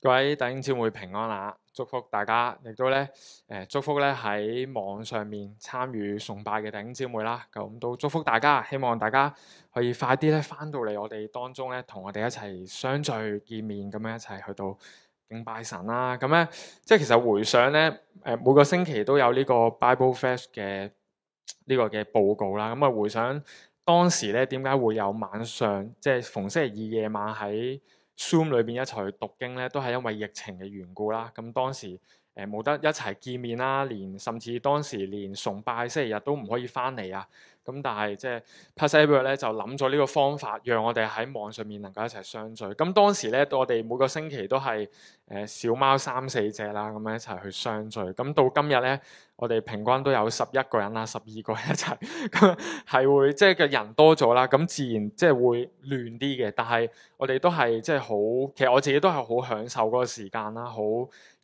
各位弟兄姊妹平安啦！祝福大家，亦都咧誒祝福咧喺網上面參與崇拜嘅弟兄姊妹啦。咁都祝福大家，希望大家可以快啲咧翻到嚟我哋當中咧，同我哋一齊相聚見面，咁樣一齊去到敬拜神啦。咁咧即係其實回想咧誒、呃、每個星期都有呢個 Bible Fest、這、嘅呢個嘅報告啦。咁、嗯、啊回想當時咧點解會有晚上即係逢星期二夜晚喺 Zoom 裏邊一齊去讀經咧，都係因為疫情嘅緣故啦。咁當時誒冇、呃、得一齊見面啦，連甚至當時連崇拜星期日都唔可以返嚟啊。咁但係即係 Passive e 咧，就諗咗呢個方法，讓我哋喺網上面能夠一齊相聚。咁當時咧，我哋每個星期都係誒、呃、小貓三四隻啦，咁樣一齊去相聚。咁到今日咧。我哋平均都有十一個人啦，十二個人一齊，咁 係會即係嘅人多咗啦，咁自然即係會亂啲嘅。但係我哋都係即係好，其實我自己都係好享受嗰個時間啦，好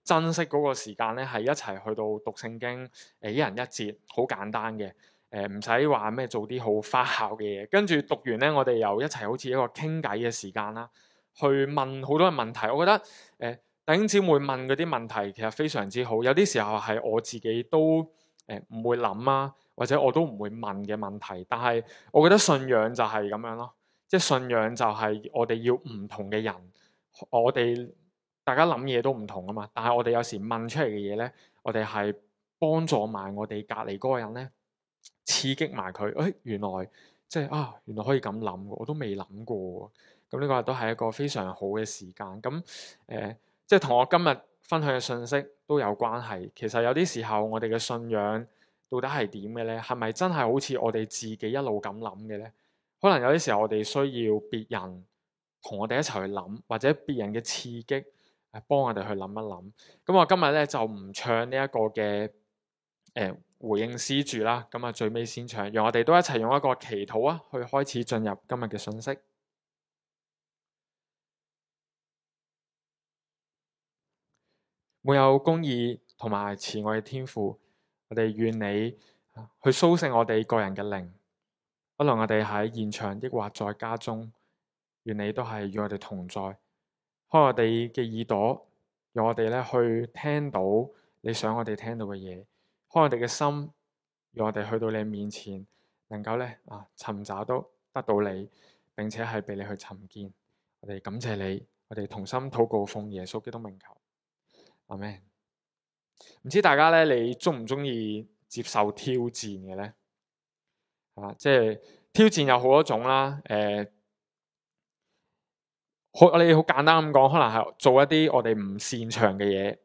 珍惜嗰個時間咧，係一齊去到讀聖經，誒一人一節，好簡單嘅，誒唔使話咩做啲好花巧嘅嘢。跟住讀完咧，我哋又一齊好似一個傾偈嘅時間啦，去問好多嘅問題。我覺得誒。呃弟兄姊妹問嗰啲問題，其實非常之好。有啲時候係我自己都誒唔會諗啊，或者我都唔會問嘅問題。但係我覺得信仰就係咁樣咯，即係信仰就係我哋要唔同嘅人，我哋大家諗嘢都唔同啊嘛。但係我哋有時問出嚟嘅嘢咧，我哋係幫助埋我哋隔籬嗰個人咧，刺激埋佢。誒、哎，原來即係啊，原來可以咁諗，我都未諗過喎。咁呢個都係一個非常好嘅時間。咁誒。呃即係同我今日分享嘅信息都有關係。其實有啲時候我哋嘅信仰到底係點嘅咧？係咪真係好似我哋自己一路咁諗嘅咧？可能有啲時候我哋需要別人同我哋一齊去諗，或者別人嘅刺激，誒，幫我哋去諗一諗。咁、嗯、我今日咧就唔唱呢一個嘅誒、呃、回應詩住啦。咁、嗯、啊最尾先唱，讓我哋都一齊用一個祈禱啊，去開始進入今日嘅信息。沒有公義同埋慈愛嘅天父，我哋願你去蘇醒我哋個人嘅靈，不論我哋喺現場抑或在家中，願你都係與我哋同在，開我哋嘅耳朵，讓我哋咧去聽到你想我哋聽到嘅嘢，開我哋嘅心，讓我哋去到你面前，能夠咧啊尋找到得到你，並且係畀你去尋見。我哋感謝你，我哋同心禱告，奉耶穌基督名求。阿們。唔知大家咧，你中唔中意接受挑戰嘅咧？係、啊、嘛？即係挑戰有好多種啦。誒、呃，好，我哋好簡單咁講，可能係做一啲我哋唔擅長嘅嘢。誒、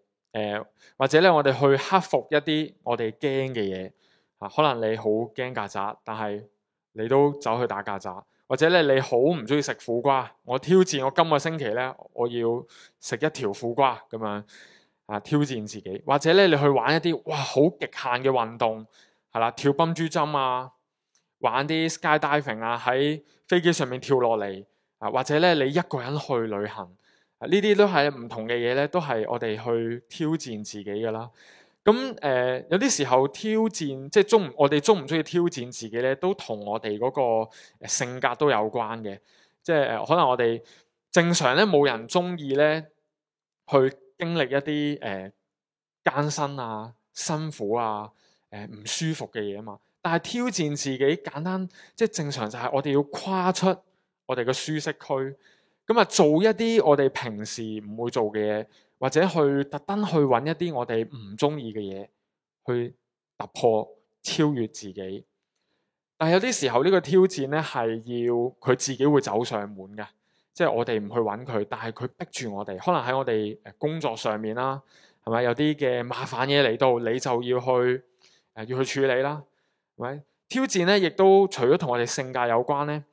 呃，或者咧，我哋去克服一啲我哋驚嘅嘢。啊，可能你好驚曱甴，但係你都走去打曱甴。或者咧，你好唔中意食苦瓜，我挑戰我今個星期咧，我要食一條苦瓜咁樣。啊！挑戰自己，或者咧，你去玩一啲哇好極限嘅運動，係啦，跳蹦珠針啊，玩啲 skydiving 啊，喺飛機上面跳落嚟啊，或者咧，你一個人去旅行，啊，呢啲都係唔同嘅嘢咧，都係我哋去挑戰自己嘅啦。咁誒、呃，有啲時候挑戰即係中，我哋中唔中意挑戰自己咧，都同我哋嗰個性格都有關嘅。即係誒、呃，可能我哋正常咧冇人中意咧去。經歷一啲誒、呃、艱辛啊、辛苦啊、誒、呃、唔舒服嘅嘢啊嘛，但係挑戰自己，簡單即係正常，就係我哋要跨出我哋嘅舒適區，咁啊做一啲我哋平時唔會做嘅嘢，或者去特登去揾一啲我哋唔中意嘅嘢去突破超越自己。但係有啲時候呢個挑戰咧係要佢自己會走上門嘅。即係我哋唔去揾佢，但係佢逼住我哋。可能喺我哋工作上面啦，係咪有啲嘅麻煩嘢嚟到，你就要去誒、呃、要去處理啦，係咪挑戰咧？亦都除咗同我哋性格有關咧，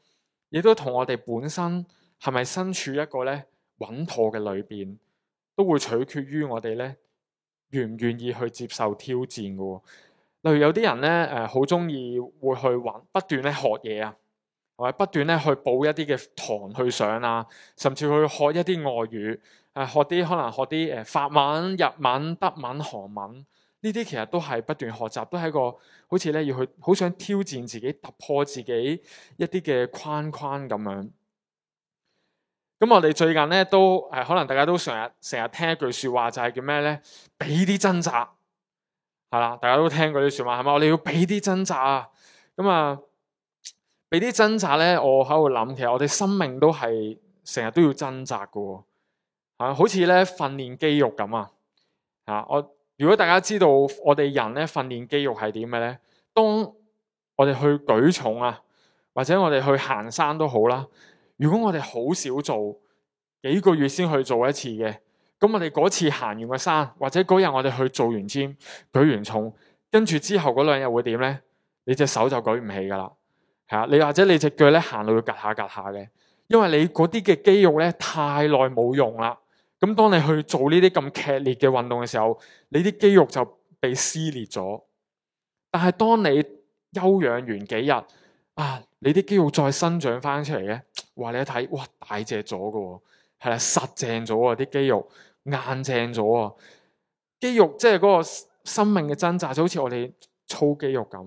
亦都同我哋本身係咪身處一個咧穩妥嘅裏邊，都會取決於我哋咧願唔願意去接受挑戰噶。例如有啲人咧誒，好中意會去玩不斷咧學嘢啊。或者不斷咧去補一啲嘅堂去上啊，甚至去學一啲外語，啊學啲可能學啲誒法文、日文、德文、韓文，呢啲其實都係不斷學習，都係一個好似咧要去好想挑戰自己、突破自己一啲嘅框框咁樣。咁我哋最近咧都誒、啊，可能大家都成日成日聽一句說話就係、是、叫咩咧？俾啲掙扎係啦，大家都聽過啲說話係嘛？我哋要俾啲掙扎啊！咁啊～俾啲掙扎咧，我喺度諗，其實我哋生命都係成日都要掙扎噶，啊，好似咧訓練肌肉咁啊，啊，我如果大家知道我哋人咧訓練肌肉係點嘅咧，當我哋去舉重啊，或者我哋去行山都好啦，如果我哋好少做，幾個月先去做一次嘅，咁我哋嗰次行完個山，或者嗰日我哋去做完先，舉完重，跟住之後嗰兩日會點咧？你隻手就舉唔起噶啦。係你或者你隻腳咧行路要夾下夾下嘅，因為你嗰啲嘅肌肉咧太耐冇用啦。咁當你去做呢啲咁劇烈嘅運動嘅時候，你啲肌肉就被撕裂咗。但係當你休養完幾日啊，你啲肌肉再生長翻出嚟咧，哇！你一睇哇，大隻咗噶，係啦，實正咗啊，啲肌肉硬正咗啊，肌肉即係嗰個生命嘅掙扎，就好似我哋粗肌肉咁。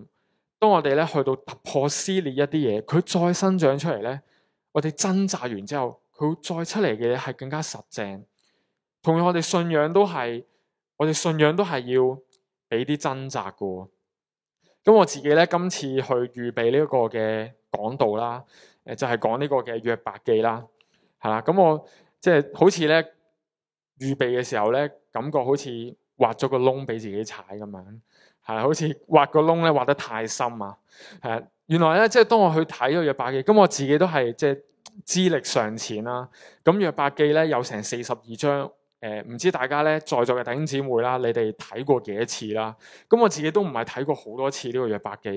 當我哋咧去到突破撕裂一啲嘢，佢再生長出嚟咧，我哋掙扎完之後，佢再出嚟嘅嘢係更加實淨。同樣我哋信仰都係，我哋信仰都係要俾啲掙扎噶。咁我自己咧今次去預備呢一個嘅講道啦，誒、呃、就係、是、講呢個嘅約伯記啦，係啦。咁我即係、就是、好似咧預備嘅時候咧，感覺好似挖咗個窿俾自己踩咁樣。係，好似挖個窿咧，挖得太深啊！誒，原來咧，即係當我去睇《約伯記》，咁我自己都係即係資歷尚淺啦、啊。咁《約伯記》咧有成四十二章，誒、呃，唔知大家咧在座嘅弟兄姊妹啦，你哋睇過幾多次啦？咁我自己都唔係睇過好多次呢個《約伯記》，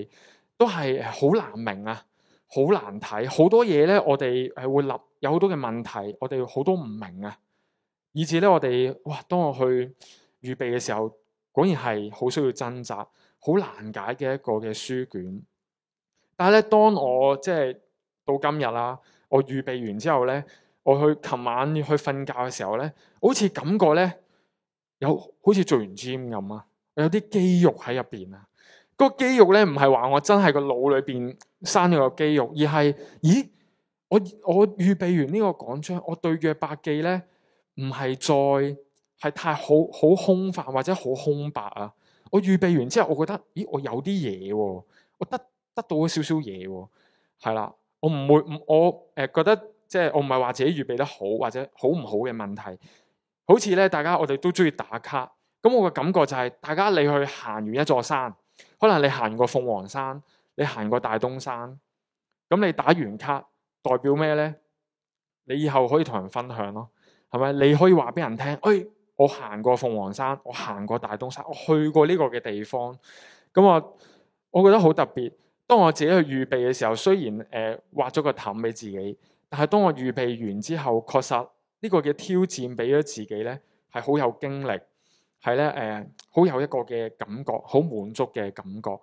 都係好難明啊，好難睇，好多嘢咧，我哋係會立，有好多嘅問題，我哋好多唔明啊。以致咧，我哋哇，當我去預備嘅時候，果然係好需要掙扎、好難解嘅一個嘅書卷。但係咧，當我即係到今日啦，我預備完之後咧，我去琴晚去瞓覺嘅時候咧，好似感覺咧，有好似做完 gym 咁啊，有啲肌肉喺入邊啊。個肌肉咧唔係話我真係個腦裏邊生咗個肌肉，而係，咦，我我預備完呢個講章，我對約伯記咧，唔係再。係太好好空泛或者好空白啊！我預備完之後，我覺得，咦，我有啲嘢、啊，我得得到咗少少嘢，係啦，我唔會，我誒、呃、覺得，即係我唔係話自己預備得好或者好唔好嘅問題。好似咧，大家我哋都中意打卡，咁我嘅感覺就係、是，大家你去行完一座山，可能你行過鳳凰山，你行過大東山，咁你打完卡代表咩咧？你以後可以同人分享咯，係咪？你可以話俾人聽，誒、哎。我行過鳳凰山，我行過大東山，我去過呢個嘅地方，咁我我覺得好特別。當我自己去預備嘅時候，雖然誒畫咗個氹俾自己，但係當我預備完之後，確實呢個嘅挑戰俾咗自己呢，係好有經歷，係咧誒好有一個嘅感覺，好滿足嘅感覺。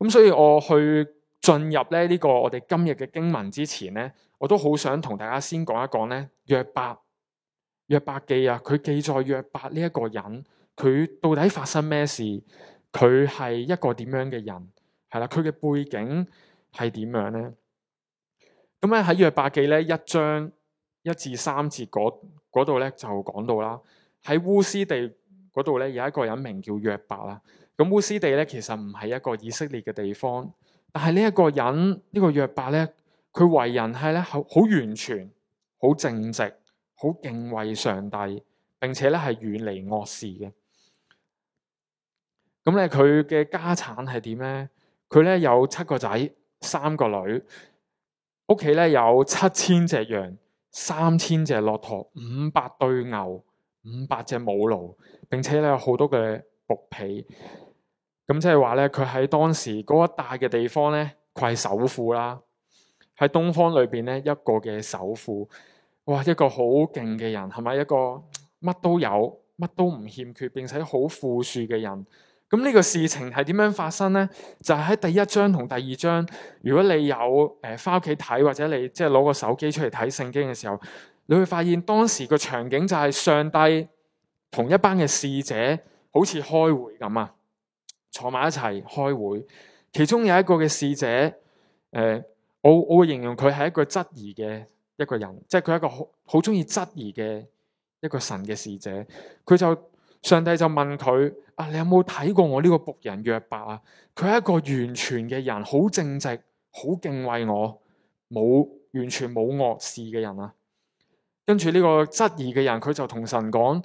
咁所以我去進入呢呢個我哋今日嘅經文之前呢，我都好想同大家先講一講呢約伯。約伯記啊，佢記載約伯呢一個人，佢到底發生咩事？佢係一個點樣嘅人？係啦，佢嘅背景係點樣咧？咁咧喺約伯記咧一章一至三節嗰度咧就講到啦，喺烏斯地嗰度咧有一個人名叫約伯啦。咁烏斯地咧其實唔係一個以色列嘅地方，但係呢一個人，這個，呢個約伯咧，佢為人係咧好好完全，好正直。好敬畏上帝，並且咧係遠離惡事嘅。咁咧佢嘅家產係點咧？佢咧有七個仔，三個女，屋企咧有七千隻羊，三千隻駱駝，五百對牛，五百隻母驢，並且咧有好多嘅僕婢。咁即係話咧，佢喺當時嗰一帶嘅地方咧，佢係首富啦。喺東方裏邊咧，一個嘅首富。哇，一個好勁嘅人係咪？一個乜都有，乜都唔欠缺，並且好富庶嘅人。咁呢個事情係點樣發生呢？就係喺第一章同第二章。如果你有誒翻屋企睇，或者你即係攞個手機出嚟睇聖經嘅時候，你會發現當時個場景就係上帝同一班嘅使者，好似開會咁啊，坐埋一齊開會。其中有一個嘅使者，誒，我我會形容佢係一個質疑嘅。一個人，即係佢係一個好好中意質疑嘅一個神嘅使者，佢就上帝就問佢：啊，你有冇睇過我呢個僕人約伯啊？佢係一個完全嘅人，好正直，好敬畏我，冇完全冇惡事嘅人啊。跟住呢個質疑嘅人，佢就同神講：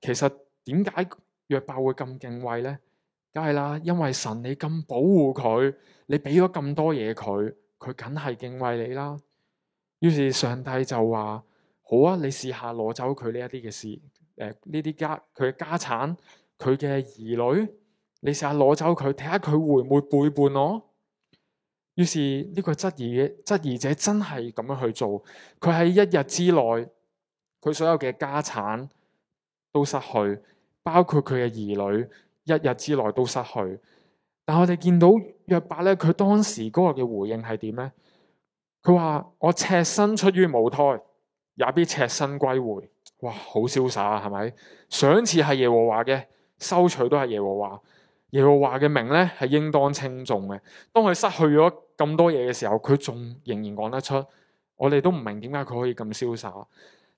其實點解約伯會咁敬畏咧？梗係啦，因為神你咁保護佢，你俾咗咁多嘢佢，佢梗係敬畏你啦。於是上帝就話：好啊，你試下攞走佢呢一啲嘅事，誒、呃，呢啲家佢嘅家產，佢嘅兒女，你試下攞走佢，睇下佢會唔會背叛我、哦？於是呢、呢個質疑嘅質疑者真係咁樣去做，佢喺一日之內，佢所有嘅家產都失去，包括佢嘅兒女，一日之內都失去。但我哋見到約伯咧，佢當時嗰個嘅回應係點咧？佢話：我赤身出於母胎，也必赤身歸回。哇，好瀟灑啊，係咪？賞賜係耶和華嘅，收取都係耶和華。耶和華嘅名咧係應當稱頌嘅。當佢失去咗咁多嘢嘅時候，佢仲仍然講得出。我哋都唔明點解佢可以咁瀟灑。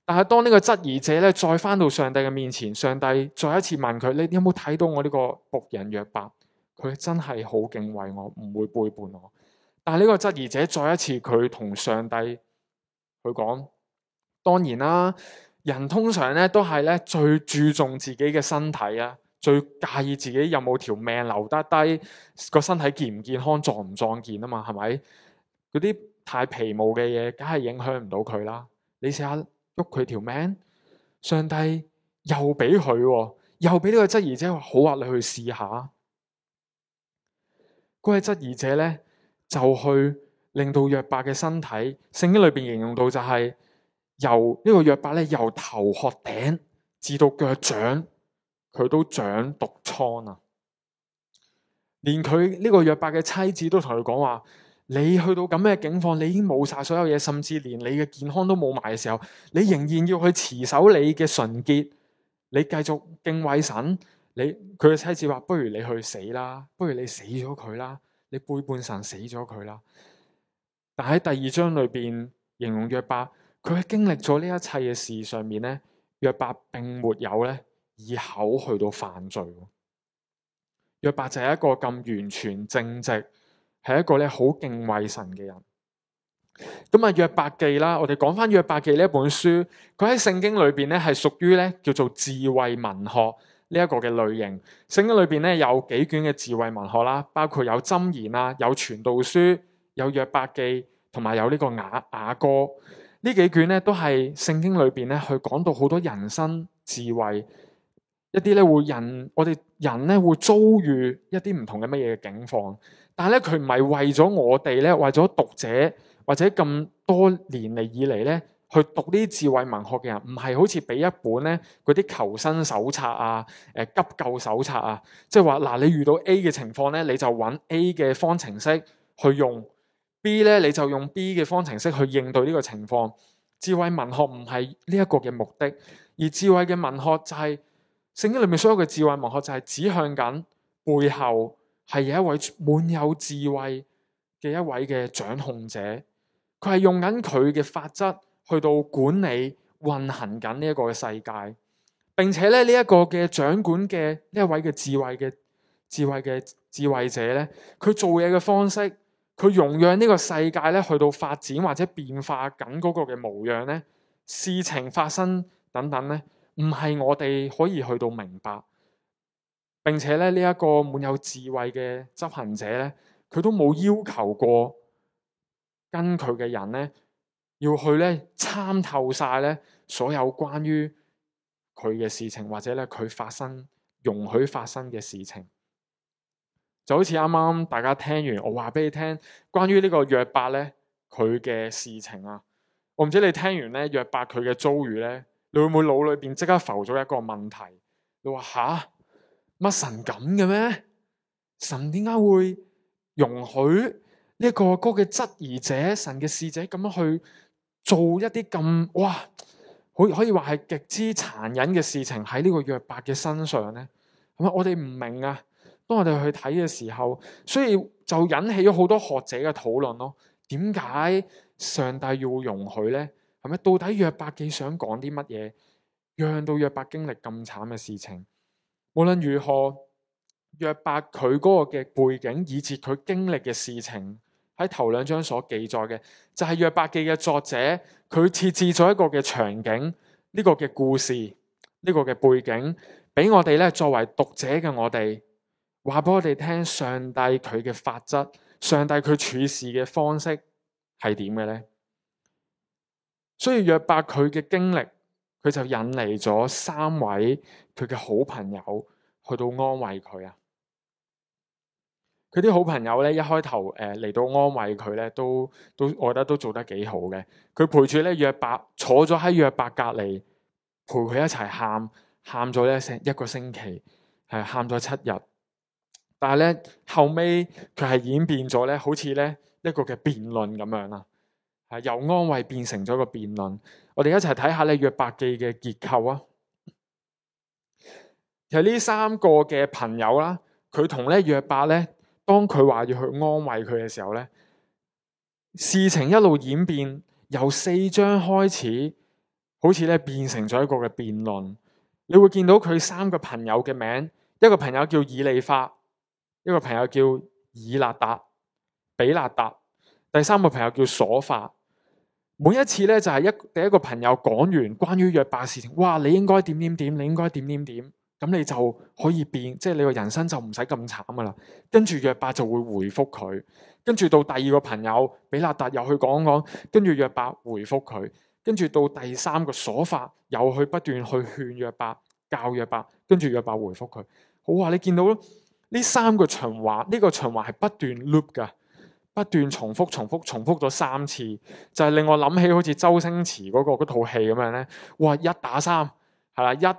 但係當呢個質疑者咧再翻到上帝嘅面前，上帝再一次問佢：你有冇睇到我呢個僕人約伯？佢真係好敬畏我，唔會背叛我。但係呢個質疑者再一次，佢同上帝去講：當然啦，人通常咧都係咧最注重自己嘅身體啊，最介意自己有冇條命留得低，個身體健唔健康，壯唔壯健啊嘛，係咪？嗰啲太皮毛嘅嘢，梗係影響唔到佢啦。你試下喐佢條命，上帝又俾佢，又俾呢個質疑者話好啊，你去試下。嗰位質疑者咧。就去令到約伯嘅身體，聖經裏邊形容到就係、是、由、這個、呢個約伯咧，由頭殼頂至到腳掌，佢都長毒瘡啊！連佢呢、這個約伯嘅妻子都同佢講話：你去到咁嘅境況，你已經冇晒所有嘢，甚至連你嘅健康都冇埋嘅時候，你仍然要去持守你嘅純潔，你繼續敬畏神。你佢嘅妻子話：不如你去死啦，不如你死咗佢啦。你背叛神死咗佢啦！但喺第二章裏邊形容約伯，佢喺經歷咗呢一切嘅事上面咧，約伯並沒有咧以口去到犯罪。約伯就係一個咁完全正直，係一個咧好敬畏神嘅人。咁啊，約伯記啦，我哋講返約伯記呢一本書，佢喺聖經裏邊咧係屬於咧叫做智慧文學。呢一個嘅類型，聖經裏邊咧有幾卷嘅智慧文學啦，包括有箴言啊，有傳道書，有約伯記，同埋有呢個雅雅歌。呢幾卷咧都係聖經裏邊咧，去講到好多人生智慧，一啲咧會人，我哋人咧會遭遇一啲唔同嘅乜嘢嘅境況。但係咧佢唔係為咗我哋咧，為咗讀者或者咁多年嚟以來咧。去讀呢啲智慧文學嘅人，唔係好似俾一本咧嗰啲求生手冊啊、誒、呃、急救手冊啊，即係話嗱，你遇到 A 嘅情況咧，你就揾 A 嘅方程式去用；B 咧，你就用 B 嘅方程式去應對呢個情況。智慧文學唔係呢一個嘅目的，而智慧嘅文學就係、是、聖經裏面所有嘅智慧文學就係指向緊背後係有一位滿有智慧嘅一位嘅掌控者，佢係用緊佢嘅法則。去到管理運行緊呢一個嘅世界，並且咧呢一個嘅掌管嘅呢一位嘅智慧嘅智慧嘅智慧者咧，佢做嘢嘅方式，佢容讓呢個世界咧去到發展或者變化緊嗰個嘅模樣咧，事情發生等等咧，唔係我哋可以去到明白，並且咧呢一個滿有智慧嘅執行者咧，佢都冇要求過跟佢嘅人咧。要去咧參透晒咧所有關於佢嘅事情，或者咧佢發生容許發生嘅事情，就好似啱啱大家聽完我話俾你聽關於呢個約伯咧佢嘅事情啊，我唔知你聽完咧約伯佢嘅遭遇咧，你會唔會腦裏邊即刻浮咗一個問題？你話吓乜神咁嘅咩？神點解會容許呢個哥嘅質疑者、神嘅使者咁樣去？做一啲咁哇，可可以話係極之殘忍嘅事情喺呢個約伯嘅身上咧，係咪我哋唔明啊？當我哋去睇嘅時候，所以就引起咗好多學者嘅討論咯。點解上帝要容許咧？係咪到底約伯記想講啲乜嘢，讓到約伯經歷咁慘嘅事情？無論如何，約伯佢嗰個嘅背景，以至佢經歷嘅事情。喺頭兩章所記載嘅，就係約伯記嘅作者，佢設置咗一個嘅場景，呢個嘅故事，呢個嘅背景，俾我哋呢作為讀者嘅我哋，話俾我哋聽上帝佢嘅法則，上帝佢處事嘅方式係點嘅呢？所以約伯佢嘅經歷，佢就引嚟咗三位佢嘅好朋友去到安慰佢啊。佢啲好朋友咧，一開頭誒嚟到安慰佢咧，都都我覺得都做得幾好嘅。佢陪住咧約伯，坐咗喺約伯隔籬，陪佢一齊喊，喊咗咧一個星期，係喊咗七日。但係咧後尾佢係演變咗咧，好似咧一個嘅辯論咁樣啦，係、呃、由安慰變成咗個辯論。我哋一齊睇下咧約伯記嘅結構啊。其實呢三個嘅朋友啦，佢同咧約伯咧。當佢話要去安慰佢嘅時候呢，事情一路演變，由四章開始，好似咧變成咗一個嘅辯論。你會見到佢三個朋友嘅名，一個朋友叫以利法，一個朋友叫以勒達、比勒達，第三個朋友叫所法。每一次呢，就係一第一個朋友講完關於約伯事情，哇！你應該點點點，你應該點點點。咁你就可以變，即係你個人生就唔使咁慘噶啦。跟住約伯就會回覆佢，跟住到第二個朋友比納達又去講講，跟住約伯回覆佢，跟住到第三個所法又去不斷去勸約伯、教約伯，跟住約伯回覆佢。好啊，你見到咯，呢三個循環，呢個循環係不斷 loop 噶，不斷重複、重複、重複咗三次，就係令我諗起好似周星馳嗰個套戲咁樣呢：「哇！一打三。係啦，一係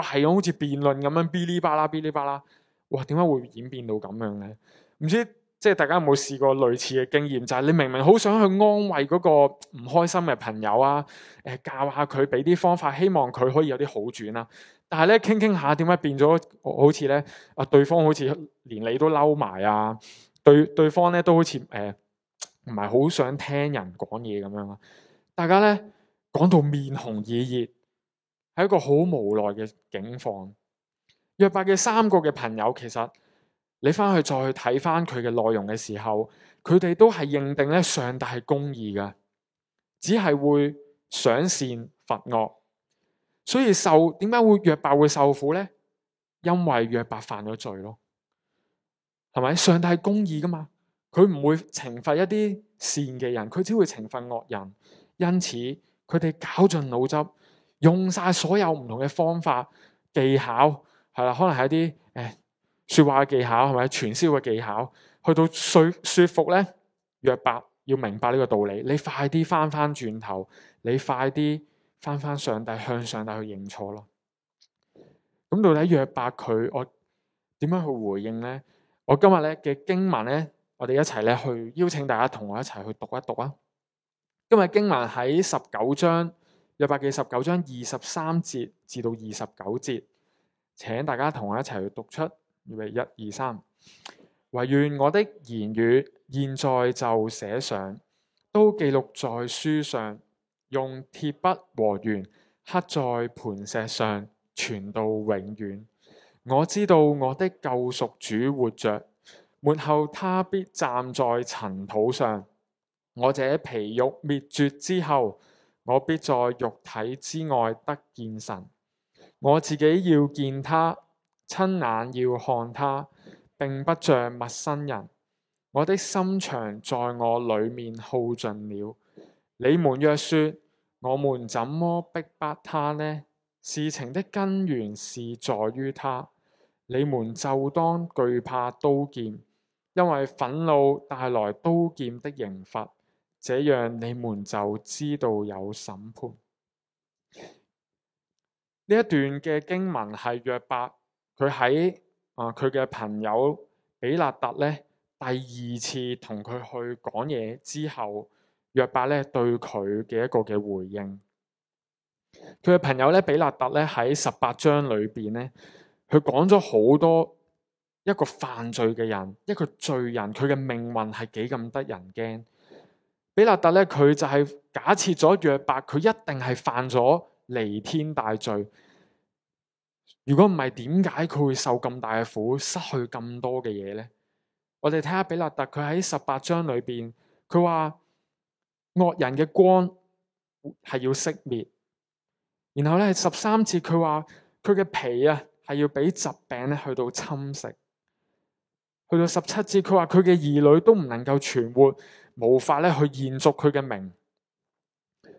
咁好似辯論咁樣，嗶哩吧啦，嗶哩吧啦，哇！點解會演變到咁樣咧？唔知即係大家有冇試過類似嘅經驗？就係、是、你明明好想去安慰嗰個唔開心嘅朋友啊，誒、呃，教下佢俾啲方法，希望佢可以有啲好轉啦、啊。但係咧，傾傾下，點解變咗好似咧？啊，對方好似連你都嬲埋啊，對對方咧都好似誒，唔係好想聽人講嘢咁樣啊。大家咧講到面紅耳熱。係一個好無奈嘅境況。約伯嘅三個嘅朋友，其實你翻去再去睇翻佢嘅內容嘅時候，佢哋都係認定咧上帝係公義嘅，只係會賞善罰惡。所以受點解會約伯會受苦咧？因為約伯犯咗罪咯，係咪？上帝係公義噶嘛，佢唔會懲罰一啲善嘅人，佢只會懲罰惡人。因此佢哋搞盡腦汁。用晒所有唔同嘅方法技巧，係啦，可能係一啲誒說話嘅技巧，係咪傳銷嘅技巧？去到說說服咧，約伯要明白呢個道理，你快啲翻翻轉頭，你快啲翻翻上帝，向上帝去認錯咯。咁到底約伯佢我點樣去回應咧？我今日咧嘅經文咧，我哋一齊咧去邀請大家同我一齊去讀一讀啊！今日經文喺十九章。一百四十九章二十三節至到二十九節，請大家同我一齊去讀出，預備一二三。唯願我的言語現在就寫上，都記錄在書上，用鐵筆和鉛刻在磐石上，傳到永遠。我知道我的救贖主活着，末後他必站在塵土上。我這皮肉滅絕之後。我必在肉體之外得見神，我自己要見他，親眼要看他，並不像陌生人。我的心腸在我裏面耗盡了。你們若說我們怎麼逼迫他呢？事情的根源是在於他。你們就當懼怕刀劍，因為憤怒帶來刀劍的刑罰。這樣你們就知道有審判。呢一段嘅經文係約伯，佢喺啊佢嘅朋友比勒達咧，第二次同佢去講嘢之後，約伯咧對佢嘅一個嘅回應。佢嘅朋友咧比勒達咧喺十八章裏邊咧，佢講咗好多一個犯罪嘅人，一個罪人，佢嘅命運係幾咁得人驚。比勒達咧，佢就係假設咗約伯，佢一定係犯咗彌天大罪。如果唔係，點解佢會受咁大嘅苦，失去咁多嘅嘢咧？我哋睇下比勒達，佢喺十八章裏邊，佢話惡人嘅光係要熄滅。然後咧，十三節，佢話佢嘅皮啊係要俾疾病咧去到侵蝕。去到十七節，佢話佢嘅兒女都唔能夠存活。無法咧去延續佢嘅名。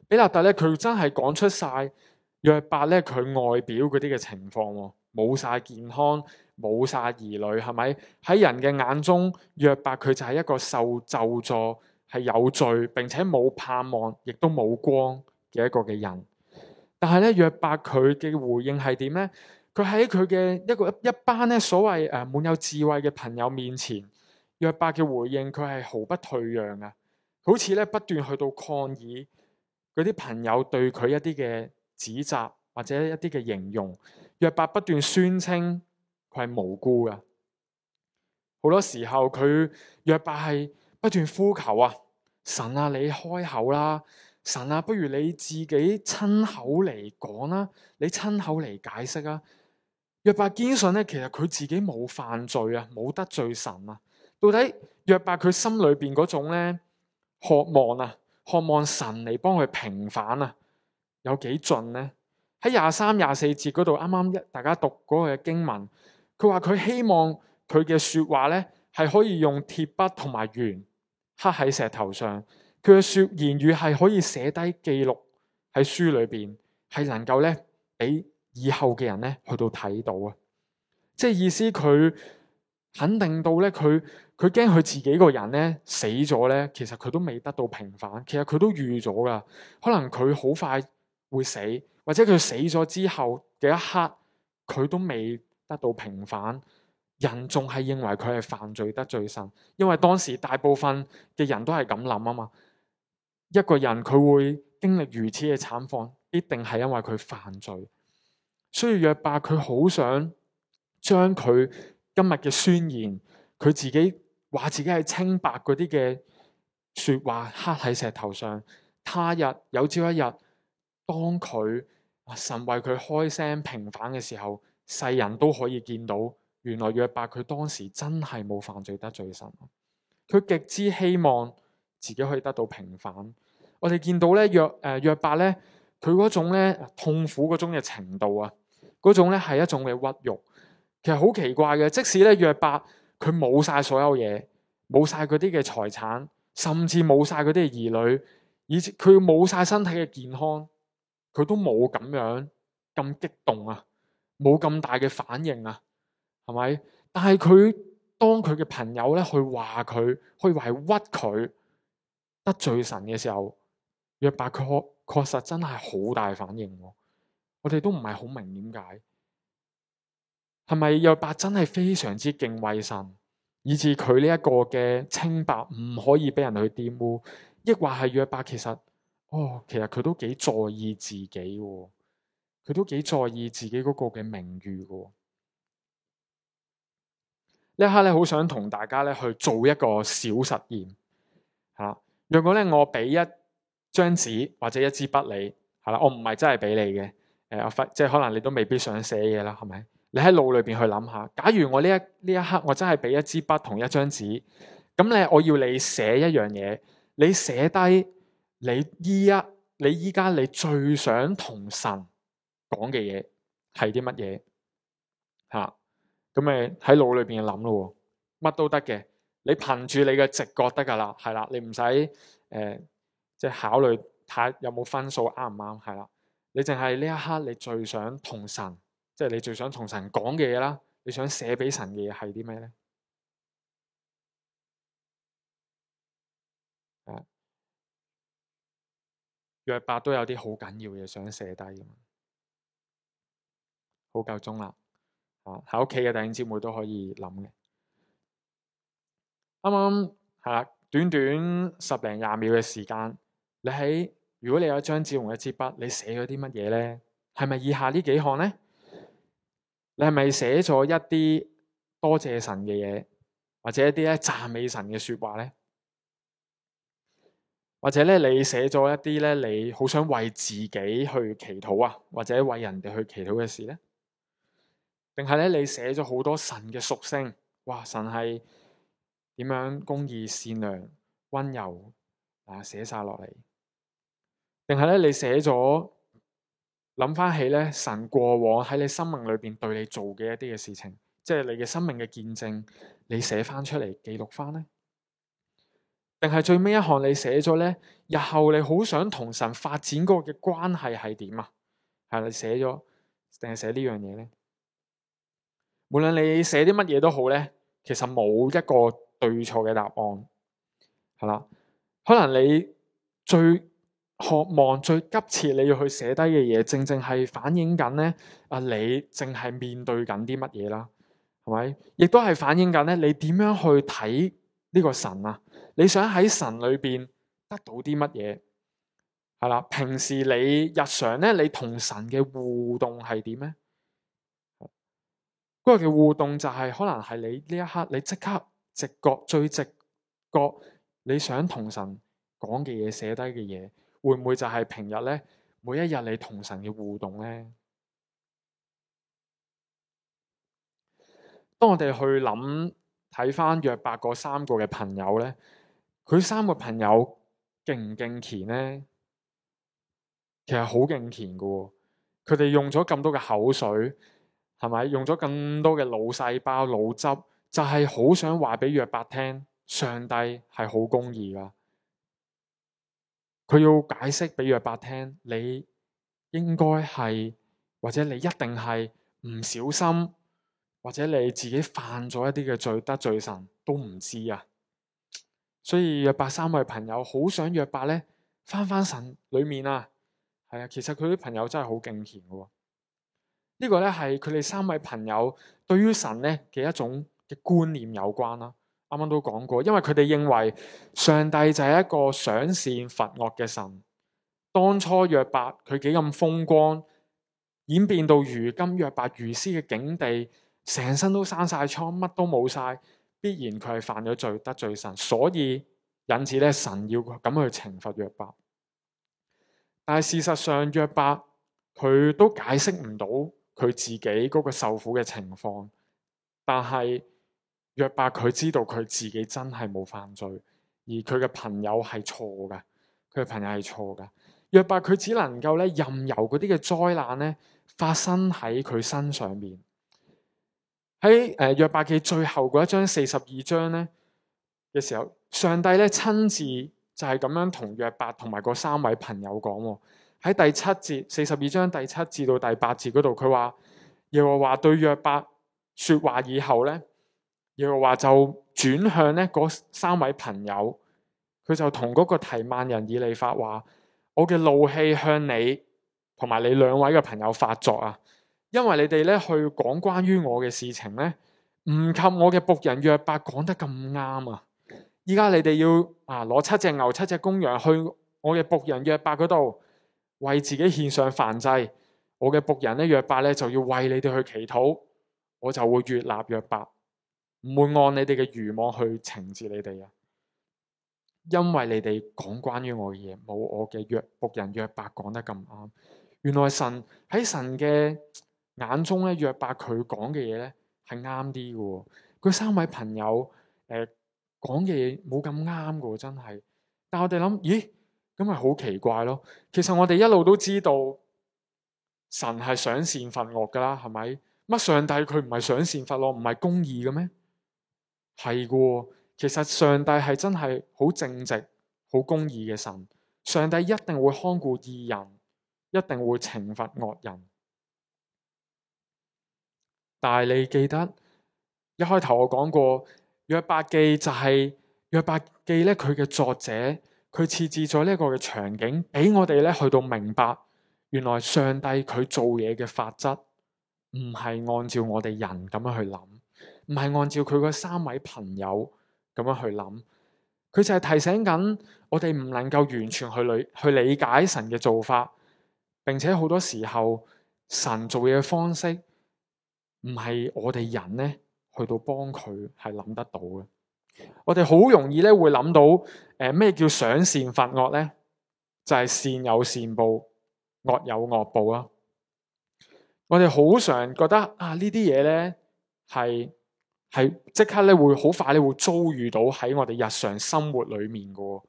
比勒達，咧佢真係講出晒約伯咧佢外表嗰啲嘅情況，冇晒健康，冇晒兒女，係咪？喺人嘅眼中，約伯佢就係一個受咒詛，係有罪，並且冇盼望，亦都冇光嘅一個嘅人。但係咧約伯佢嘅回應係點咧？佢喺佢嘅一個一班咧所謂誒滿有智慧嘅朋友面前。約伯嘅回應，佢係毫不退讓㗎！好似咧不斷去到抗議嗰啲朋友對佢一啲嘅指責或者一啲嘅形容，約伯不斷宣稱佢係無辜㗎。好多時候，佢約伯係不斷呼求啊，神啊，你開口啦，神啊，不如你自己親口嚟講啦，你親口嚟解釋啊！約伯堅信咧，其實佢自己冇犯罪啊，冇得罪神啊。到底約伯佢心裏邊嗰種咧渴望啊，渴望神嚟幫佢平反啊，有幾盡呢？喺廿三廿四節嗰度啱啱一大家讀嗰個經文，佢話佢希望佢嘅說話咧係可以用鐵筆同埋鉛刻喺石頭上，佢嘅說言語係可以寫低記錄喺書裏邊，係能夠咧俾以後嘅人咧去到睇到啊！即係意思佢肯定到咧佢。佢驚佢自己個人咧死咗咧，其實佢都未得到平反。其實佢都預咗噶，可能佢好快會死，或者佢死咗之後嘅一刻，佢都未得到平反。人仲係認為佢係犯罪得罪神，因為當時大部分嘅人都係咁諗啊嘛。一個人佢會經歷如此嘅慘況，一定係因為佢犯罪。所以約伯，佢好想將佢今日嘅宣言，佢自己。話自己係清白嗰啲嘅說話，刻喺石頭上，他日有朝一日，當佢，神為佢開聲平反嘅時候，世人都可以見到，原來約伯佢當時真係冇犯罪得罪神，佢極之希望自己可以得到平反。我哋見到咧約誒約伯咧，佢、呃、嗰種咧痛苦嗰種嘅程度啊，嗰種咧係一種嘅屈辱，其實好奇怪嘅，即使咧約伯。若佢冇晒所有嘢，冇晒嗰啲嘅財產，甚至冇晒嗰啲嘅兒女，而且佢冇晒身體嘅健康，佢都冇咁樣咁激動啊，冇咁大嘅反應啊，係咪？但係佢當佢嘅朋友咧去話佢，去委屈佢得罪神嘅時候，約伯佢確確實真係好大反應，我哋都唔係好明點解。係咪約伯真係非常之敬畏神，以至佢呢一個嘅清白唔可以俾人去玷污，抑或係約伯其實哦，其實佢都幾在意自己、哦，佢都幾在意自己嗰個嘅名譽嘅、哦。呢一刻咧，好想同大家咧去做一個小實驗嚇。如果咧，我俾一張紙或者一支筆你係啦，我唔係真係俾你嘅誒、呃，即係可能你都未必想寫嘢啦，係咪？你喺腦裏邊去諗下，假如我呢一呢一刻我真係俾一支筆同一張紙，咁咧我要你寫一樣嘢，你寫低你依一你依家你最想同神講嘅嘢係啲乜嘢？吓，咁咪喺腦裏邊諗咯，乜都得嘅，你憑住你嘅直覺得噶啦，係啦，你唔使誒即係考慮睇下有冇分數啱唔啱，係啦，你淨係呢一刻你最想同神。即係你最想同神講嘅嘢啦，你想寫俾神嘅嘢係啲咩咧？啊，約伯都有啲好緊要嘅嘢想寫低㗎嘛，好夠鐘啦。啊，喺屋企嘅弟兄姊妹都可以諗嘅。啱啱係啦，短短十零廿秒嘅時間，你喺如果你有一張紙同一支筆，你寫咗啲乜嘢咧？係咪以下呢幾項咧？你係咪寫咗一啲多謝神嘅嘢，或者一啲咧讚美神嘅說話咧？或者咧你寫咗一啲咧你好想為自己去祈禱啊，或者為人哋去祈禱嘅事咧？定係咧你寫咗好多神嘅屬性？哇！神係點樣公義、善良、溫柔啊？寫晒落嚟。定係咧你寫咗？諗翻起咧，神過往喺你生命裏邊對你做嘅一啲嘅事情，即係你嘅生命嘅見證，你寫翻出嚟記錄翻咧，定係最尾一項你寫咗咧？日後你好想同神發展嗰個嘅關係係點啊？係你寫咗定係寫呢樣嘢咧？無論你寫啲乜嘢都好咧，其實冇一個對錯嘅答案，係啦，可能你最。渴望最急切你要去寫低嘅嘢，正正係反映緊咧，阿你淨係面對緊啲乜嘢啦，係咪？亦都係反映緊咧，你點樣去睇呢個神啊？你想喺神裏邊得到啲乜嘢？係啦，平時你日常咧，你同神嘅互動係點咧？嗰個嘅互動就係可能係你呢一刻，你即刻直覺最直覺你想同神講嘅嘢，寫低嘅嘢。會唔會就係平日咧，每一日你同神嘅互動咧？當我哋去諗睇翻約伯嗰三個嘅朋友咧，佢三個朋友敬唔敬虔咧？其實好敬虔噶、哦，佢哋用咗咁多嘅口水，係咪用咗咁多嘅腦細胞、腦汁，就係、是、好想話俾約伯聽，上帝係好公義噶。佢要解釋俾約伯聽，你應該係或者你一定係唔小心，或者你自己犯咗一啲嘅罪得罪神都唔知啊。所以約伯三位朋友好想約伯咧翻返神裏面啊，係啊，其實佢啲朋友真係好敬虔嘅、啊。這個、呢個咧係佢哋三位朋友對於神咧嘅一種嘅觀念有關啦、啊。啱啱都講過，因為佢哋認為上帝就係一個賞善罰惡嘅神。當初約伯佢幾咁風光，演變到如今約伯如斯嘅境地，成身都生晒瘡，乜都冇晒，必然佢係犯咗罪得罪神，所以引致咧神要咁去懲罰約伯。但係事實上約伯佢都解釋唔到佢自己嗰個受苦嘅情況，但係。約伯佢知道佢自己真係冇犯罪，而佢嘅朋友係錯噶，佢嘅朋友係錯噶。約伯佢只能夠咧任由嗰啲嘅災難呢發生喺佢身上面。喺誒約伯記最後嗰一張四十二章呢嘅時候，上帝咧親自就係咁樣同約伯同埋嗰三位朋友講喎。喺第七節四十二章第七節到第八節嗰度，佢話耶和華對約伯說話以後咧。又話就轉向咧嗰三位朋友，佢就同嗰個提曼人以利法話：我嘅怒氣向你同埋你兩位嘅朋友發作啊！因為你哋咧去講關於我嘅事情咧，唔及我嘅僕人約伯講得咁啱啊！依家你哋要啊攞七隻牛、七隻公羊去我嘅僕人約伯嗰度，為自己獻上燔祭。我嘅僕人咧約伯咧就要為你哋去祈禱，我就會悅納約伯。唔會按你哋嘅愚妄去懲治你哋啊！因為你哋講關於我嘅嘢，冇我嘅約僕人約伯講得咁啱。原來神喺神嘅眼中咧，約伯佢講嘅嘢咧係啱啲嘅。佢三位朋友誒講嘅嘢冇咁啱嘅，真係。但係我哋諗，咦，咁咪好奇怪咯。其實我哋一路都知道神係賞善罰惡噶啦，係咪？乜上帝佢唔係賞善罰惡，唔係公義嘅咩？係嘅，其實上帝係真係好正直、好公義嘅神。上帝一定會看顧義人，一定會懲罰惡人。但係你記得，一開頭我講過，約伯記就係約伯記咧，佢嘅作者佢設置咗呢個嘅場景，俾我哋咧去到明白，原來上帝佢做嘢嘅法則唔係按照我哋人咁樣去諗。唔係按照佢個三位朋友咁樣去諗，佢就係提醒緊我哋唔能夠完全去理去理解神嘅做法，並且好多時候神做嘢嘅方式唔係我哋人呢去到幫佢係諗得到嘅。我哋好容易呢會諗到誒咩、呃、叫賞善罰惡呢？就係、是、善有善報，惡有惡報啊！我哋好常覺得啊呢啲嘢呢？係係即刻咧，會好快咧，會遭遇到喺我哋日常生活裏面嘅。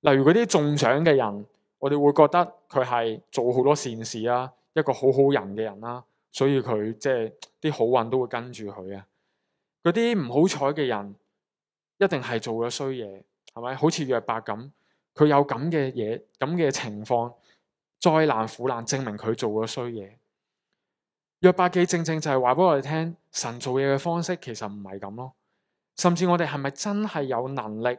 例如嗰啲中獎嘅人，我哋會覺得佢係做好多善事啊，一個好好人嘅人啦，所以佢即係啲好運都會跟住佢啊。嗰啲唔好彩嘅人，一定係做咗衰嘢，係咪？好似約伯咁，佢有咁嘅嘢，咁嘅情況，災難苦難證明佢做咗衰嘢。約伯記正正就係話俾我哋聽，神做嘢嘅方式其實唔係咁咯。甚至我哋係咪真係有能力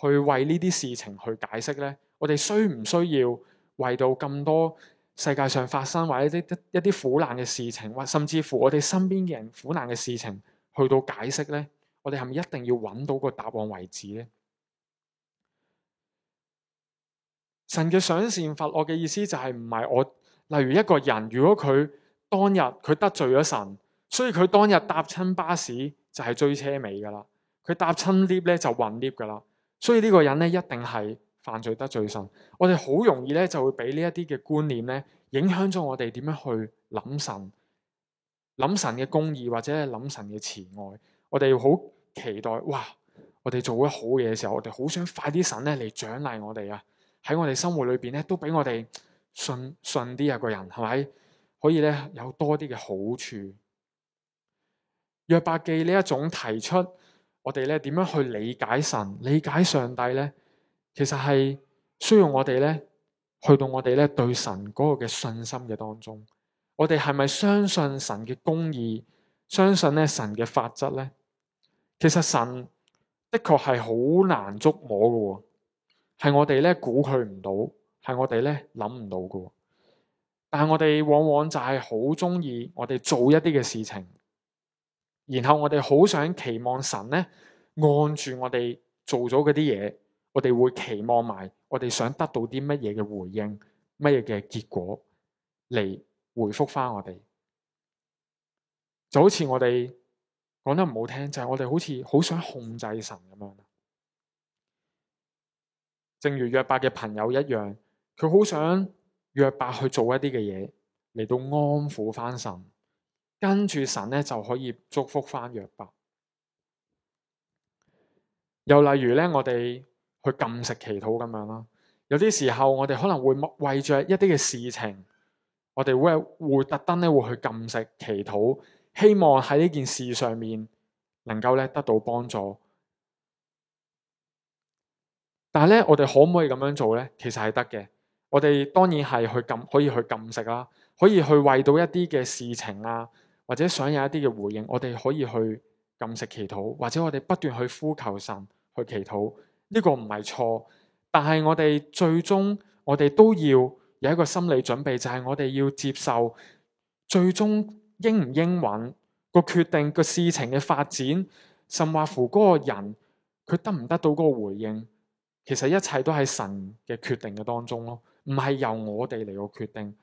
去為呢啲事情去解釋呢？我哋需唔需要為到咁多世界上發生或者一啲一啲苦難嘅事情，或甚至乎我哋身邊嘅人苦難嘅事情去到解釋呢？我哋係咪一定要揾到個答案為止呢？神嘅賞善罰惡嘅意思就係唔係我，例如一個人如果佢。當日佢得罪咗神，所以佢當日搭親巴士就係追車尾噶啦。佢搭親 lift 咧就混 lift 噶啦。所以呢個人咧一定係犯罪得罪神。我哋好容易咧就會俾呢一啲嘅觀念咧影響咗我哋點樣去諗神，諗神嘅公義或者諗神嘅慈愛。我哋好期待哇！我哋做咗好嘢嘅時候，我哋好想快啲神咧嚟獎勵我哋啊！喺我哋生活裏邊咧都俾我哋順順啲啊！個人係咪？可以咧有多啲嘅好處。約伯記呢一種提出，我哋咧點樣去理解神、理解上帝咧，其實係需要我哋咧去到我哋咧對神嗰個嘅信心嘅當中，我哋係咪相信神嘅公義，相信咧神嘅法則咧？其實神的確係好難捉摸嘅，係我哋咧估佢唔到，係我哋咧諗唔到嘅。但係我哋往往就係好中意我哋做一啲嘅事情，然後我哋好想期望神咧按住我哋做咗嗰啲嘢，我哋會期望埋我哋想得到啲乜嘢嘅回應，乜嘢嘅結果嚟回復翻我哋，就好似我哋講得唔好聽，就係我哋好似好想控制神咁樣，正如約伯嘅朋友一樣，佢好想。約伯去做一啲嘅嘢，嚟到安撫翻神，跟住神咧就可以祝福翻約伯。又例如咧，我哋去禁食祈禱咁樣啦。有啲時候我哋可能會為着一啲嘅事情，我哋會會特登咧會去禁食祈禱，希望喺呢件事上面能夠咧得到幫助。但係咧，我哋可唔可以咁樣做咧？其實係得嘅。我哋當然係去禁，可以去禁食啦，可以去為到一啲嘅事情啊，或者想有一啲嘅回應，我哋可以去禁食祈禱，或者我哋不斷去呼求神去祈禱。呢、這個唔係錯，但係我哋最終我哋都要有一個心理準備，就係、是、我哋要接受最終應唔應允個決定個事情嘅發展，甚或乎嗰個人佢得唔得到嗰個回應，其實一切都係神嘅決定嘅當中咯。唔係由我哋嚟個決定，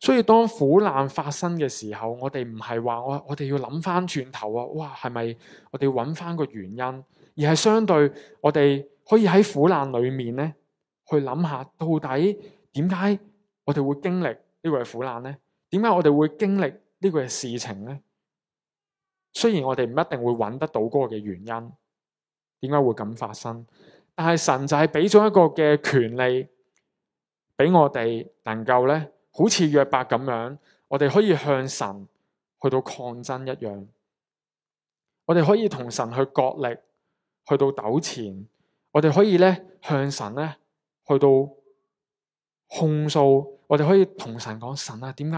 所以當苦難發生嘅時候，我哋唔係話我我哋要諗翻轉頭啊！哇，係咪我哋揾翻個原因？而係相對我哋可以喺苦難裏面咧，去諗下到底點解我哋會經歷呢個係苦難咧？點解我哋會經歷呢個嘅事情咧？雖然我哋唔一定會揾得到嗰個嘅原因，點解會咁發生？但係神就係畀咗一個嘅權利俾我哋，能夠咧，好似約伯咁樣，我哋可以向神去到抗爭一樣，我哋可以同神去角力，去到糾纏，我哋可以咧向神咧去到控訴，我哋可以同神講，神啊，點解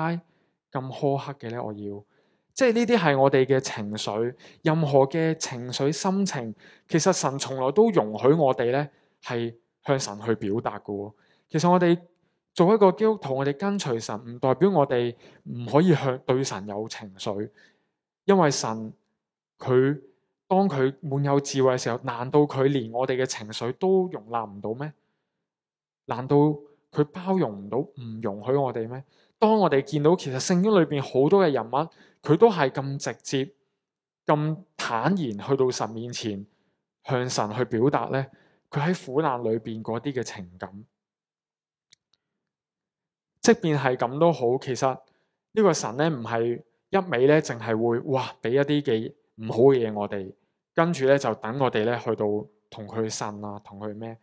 咁苛刻嘅咧？我要。即係呢啲係我哋嘅情緒，任何嘅情緒心情，其實神從來都容許我哋咧，係向神去表達㗎。其實我哋做一個基督徒，我哋跟隨神，唔代表我哋唔可以向對神有情緒，因為神佢當佢滿有智慧嘅時候，難道佢連我哋嘅情緒都容納唔到咩？難道佢包容唔到，唔容許我哋咩？當我哋見到其實聖經裏邊好多嘅人物，佢都係咁直接、咁坦然去到神面前，向神去表達咧，佢喺苦難裏邊嗰啲嘅情感。即便係咁都好，其實呢個神咧唔係一味咧，淨係會哇俾一啲嘅唔好嘅嘢我哋，跟住咧就等我哋咧去到同佢信啊，同佢咩？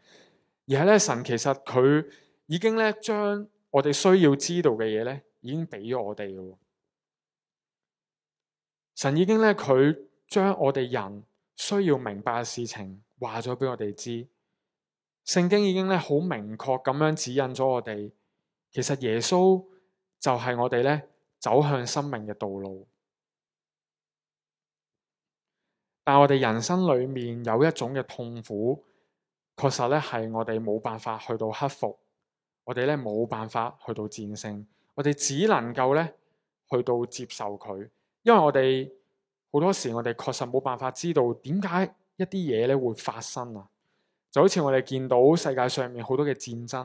而係咧，神其實佢已經咧將。我哋需要知道嘅嘢呢，已經俾咗我哋咯。神已經呢，佢將我哋人需要明白嘅事情話咗俾我哋知。聖經已經呢，好明確咁樣指引咗我哋。其實耶穌就係我哋呢走向生命嘅道路。但我哋人生裏面有一種嘅痛苦，確實呢，係我哋冇辦法去到克服。我哋咧冇辦法去到戰勝，我哋只能夠咧去到接受佢，因為我哋好多時我哋確實冇辦法知道點解一啲嘢咧會發生啊！就好似我哋見到世界上面好多嘅戰爭、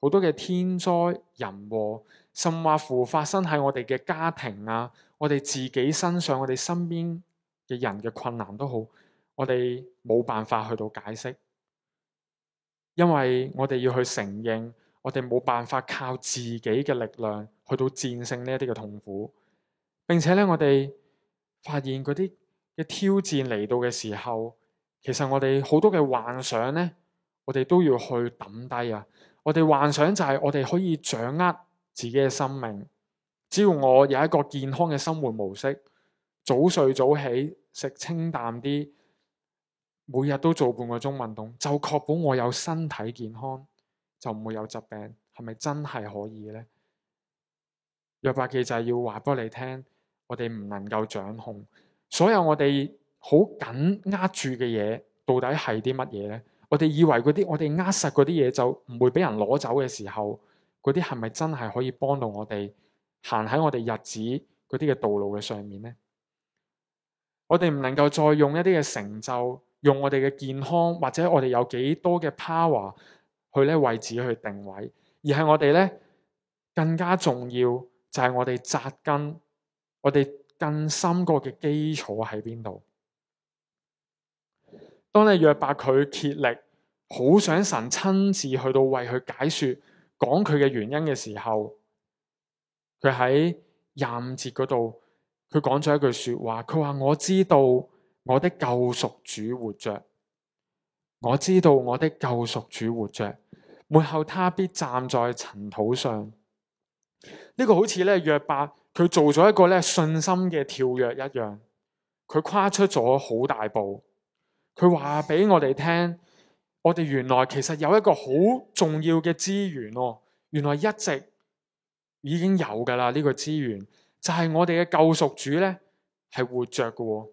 好多嘅天災人禍，甚或乎發生喺我哋嘅家庭啊、我哋自己身上、我哋身邊嘅人嘅困難都好，我哋冇辦法去到解釋，因為我哋要去承認。我哋冇辦法靠自己嘅力量去到戰勝呢一啲嘅痛苦，並且咧我哋發現嗰啲嘅挑戰嚟到嘅時候，其實我哋好多嘅幻想咧，我哋都要去抌低啊！我哋幻想就係我哋可以掌握自己嘅生命，只要我有一個健康嘅生活模式，早睡早起，食清淡啲，每日都做半個鐘運動，就確保我有身體健康。就唔會有疾病，係咪真係可以咧？約伯記就係要話俾你聽，我哋唔能夠掌控所有我哋好緊握住嘅嘢，到底係啲乜嘢咧？我哋以為嗰啲我哋握實嗰啲嘢就唔會俾人攞走嘅時候，嗰啲係咪真係可以幫到我哋行喺我哋日子嗰啲嘅道路嘅上面咧？我哋唔能夠再用一啲嘅成就，用我哋嘅健康或者我哋有幾多嘅 power，去咧位置去定位，而係我哋咧更加重要就係我哋紮根，我哋更深過嘅基礎喺邊度？當你約伯佢竭力，好想神親自去到為佢解說，講佢嘅原因嘅時候，佢喺廿五節嗰度，佢講咗一句說話，佢話我知道我的救贖主活着，我知道我的救贖主活着。末後他必站在塵土上，呢、這個好似咧約伯佢做咗一個咧信心嘅跳躍一樣，佢跨出咗好大步。佢話俾我哋聽，我哋原來其實有一個好重要嘅資源咯，原來一直已經有噶啦呢個資源，就係、是、我哋嘅救贖主咧係活着嘅。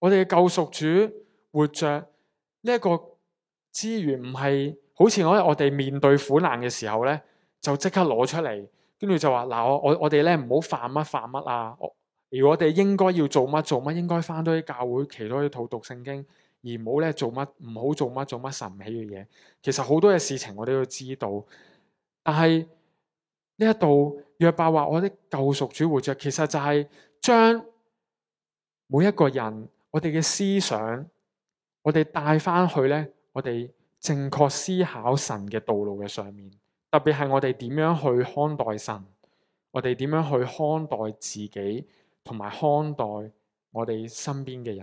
我哋嘅救贖主活着。呢一個資源唔係好似我我哋面對苦難嘅時候咧，就即刻攞出嚟，跟住就話嗱，我我我哋咧唔好犯乜犯乜啊！而我哋應該要做乜做乜，應該翻到啲教會，祈多啲禱、讀聖經，而唔好咧做乜，唔好做乜做乜神起嘅嘢。其實好多嘅事情我哋都知道，但係呢一度約伯話我啲救贖主活着，其實就係將每一個人我哋嘅思想。我哋帶翻去咧，我哋正確思考神嘅道路嘅上面，特別係我哋點樣去看待神，我哋點樣去看待自己，同埋看待我哋身邊嘅人。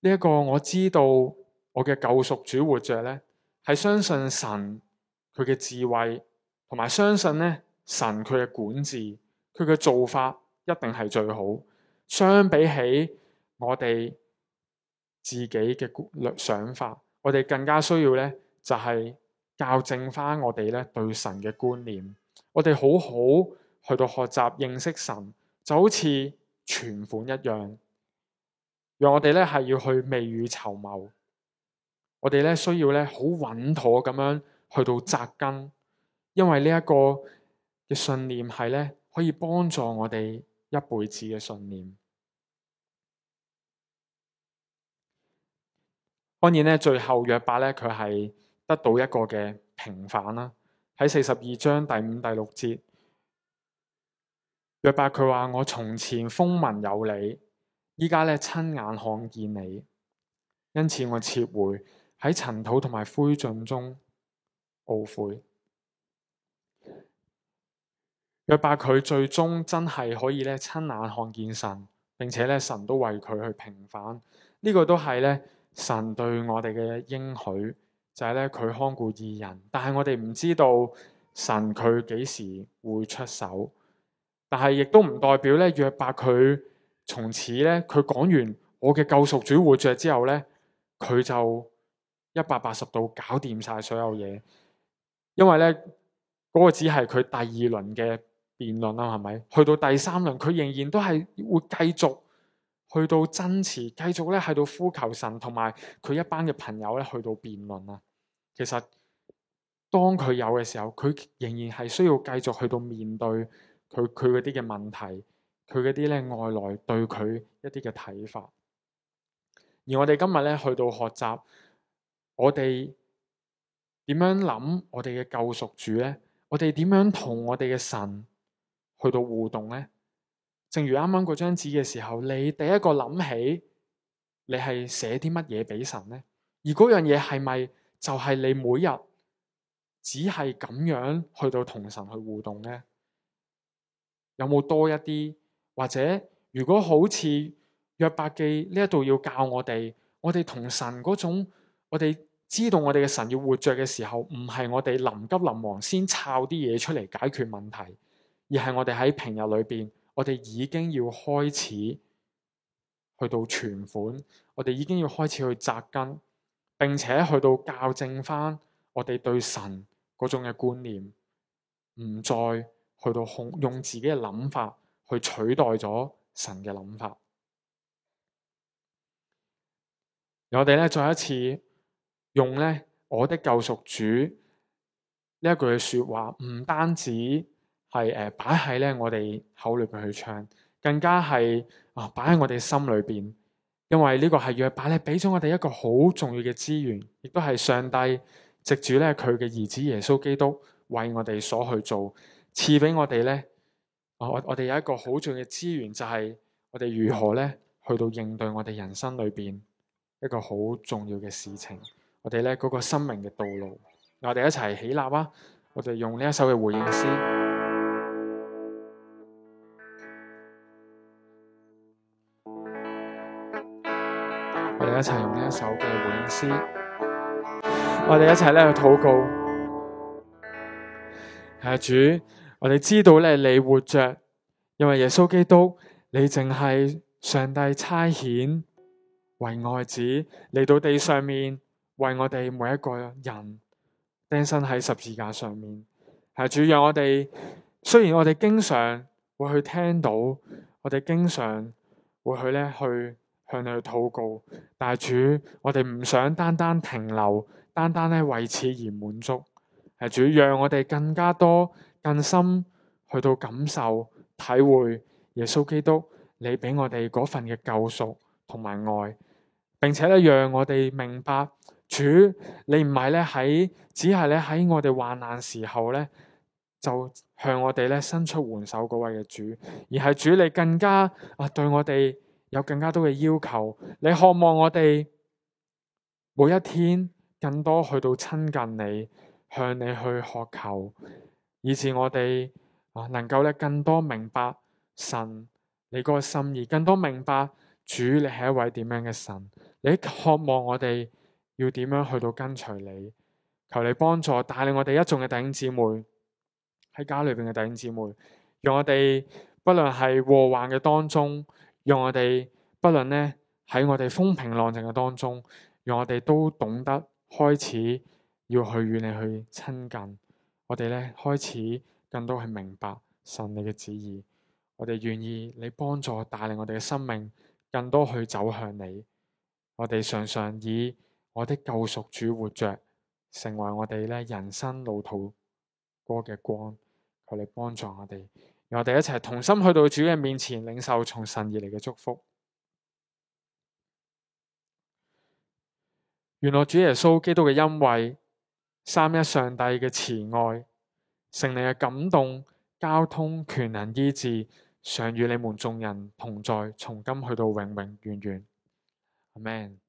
呢一個我知道我嘅救贖主活着咧，係相信神佢嘅智慧，同埋相信咧神佢嘅管治，佢嘅做法一定係最好。相比起我哋自己嘅想法，我哋更加需要咧，就係校正翻我哋咧對神嘅觀念。我哋好好去到學習認識神，就好似存款一樣，讓我哋咧係要去未雨綢繆。我哋咧需要咧好穩妥咁樣去到紮根，因為呢一個嘅信念係咧可以幫助我哋一輩子嘅信念。當然咧，最後約伯咧，佢係得到一個嘅平反啦。喺四十二章第五、第六節，約伯佢話：我從前風聞有你，依家咧親眼看見你，因此我撤回喺塵土同埋灰燼中懊悔。約伯佢最終真係可以咧親眼看見神，並且咧神都為佢去平反。呢、這個都係咧。神對我哋嘅應許就係咧，佢看顧義人，但係我哋唔知道神佢幾時會出手，但係亦都唔代表咧，約伯佢從此咧，佢講完我嘅救贖主活着之後咧，佢就一百八十度搞掂晒所有嘢，因為咧嗰個只係佢第二輪嘅辯論啦，係咪？去到第三輪，佢仍然都係會繼續。去到真詞，繼續咧去到呼求神，同埋佢一班嘅朋友咧去到辯論啦。其實當佢有嘅時候，佢仍然係需要繼續去到面對佢佢嗰啲嘅問題，佢嗰啲咧外來對佢一啲嘅睇法。而我哋今日咧去到學習，我哋點樣諗我哋嘅救贖主咧？我哋點樣同我哋嘅神去到互動咧？正如啱啱嗰張紙嘅時候，你第一個諗起，你係寫啲乜嘢俾神咧？而嗰樣嘢係咪就係你每日只係咁樣去到同神去互動咧？有冇多一啲？或者如果好似約伯記呢一度要教我哋，我哋同神嗰種，我哋知道我哋嘅神要活着嘅時候，唔係我哋臨急臨忙先抄啲嘢出嚟解決問題，而係我哋喺平日裏邊。我哋已經要開始去到存款，我哋已經要開始去紮根，並且去到校正翻我哋對神嗰種嘅觀念，唔再去到用用自己嘅諗法去取代咗神嘅諗法。我哋呢再一次用呢我的救贖主呢一句說話，唔單止。係誒，擺喺咧我哋口裏邊去唱，更加係啊擺喺我哋心裏邊，因為呢個係約伯咧俾咗我哋一個好重要嘅資源，亦都係上帝藉住咧佢嘅兒子耶穌基督為我哋所去做，賜俾我哋咧、呃，我我我哋有一個好重要嘅資源，就係我哋如何咧去到應對我哋人生裏邊一個好重要嘅事情，我哋咧嗰個生命嘅道路，呃、我哋一齊起，起立啊！我哋用呢一首嘅回應詩。一齊用呢一首嘅回應詩，我哋一齊咧去禱告。係主，我哋知道咧你，你活着，因為耶穌基督，你淨係上帝差遣為愛子嚟到地上面，為我哋每一個人釘身喺十字架上面。係主，讓我哋雖然我哋經常會去聽到，我哋經常會去咧去。向你去禱告，但係主，我哋唔想單單停留，單單咧為此而滿足。係主，讓我哋更加多、更深去到感受、體會耶穌基督你俾我哋嗰份嘅救贖同埋愛，並且咧讓我哋明白，主你唔係咧喺，只係咧喺我哋患難時候咧就向我哋咧伸出援手嗰位嘅主，而係主你更加啊對我哋。有更加多嘅要求，你渴望我哋每一天更多去到親近你，向你去渴求，以致我哋啊能夠咧更多明白神你個心意，而更多明白主你係一位點樣嘅神。你渴望我哋要點樣去到跟隨你，求你幫助帶領我哋一眾嘅弟兄姊妹，喺家裏邊嘅弟兄姊妹，讓我哋不論係禍患嘅當中。讓我哋不論呢，喺我哋風平浪靜嘅當中，讓我哋都懂得開始要去與你去親近，我哋呢，開始更多去明白神你嘅旨意，我哋願意你幫助帶領我哋嘅生命更多去走向你，我哋常常以我的救贖主活着，成為我哋呢人生路途哥嘅光，求你幫助我哋。讓我哋一齊同心去到主嘅面前，領受從神而嚟嘅祝福。願我主耶穌基督嘅恩惠、三一上帝嘅慈愛、聖靈嘅感動、交通、權能、醫治，常與你們眾人同在，從今去到永永遠遠。阿門。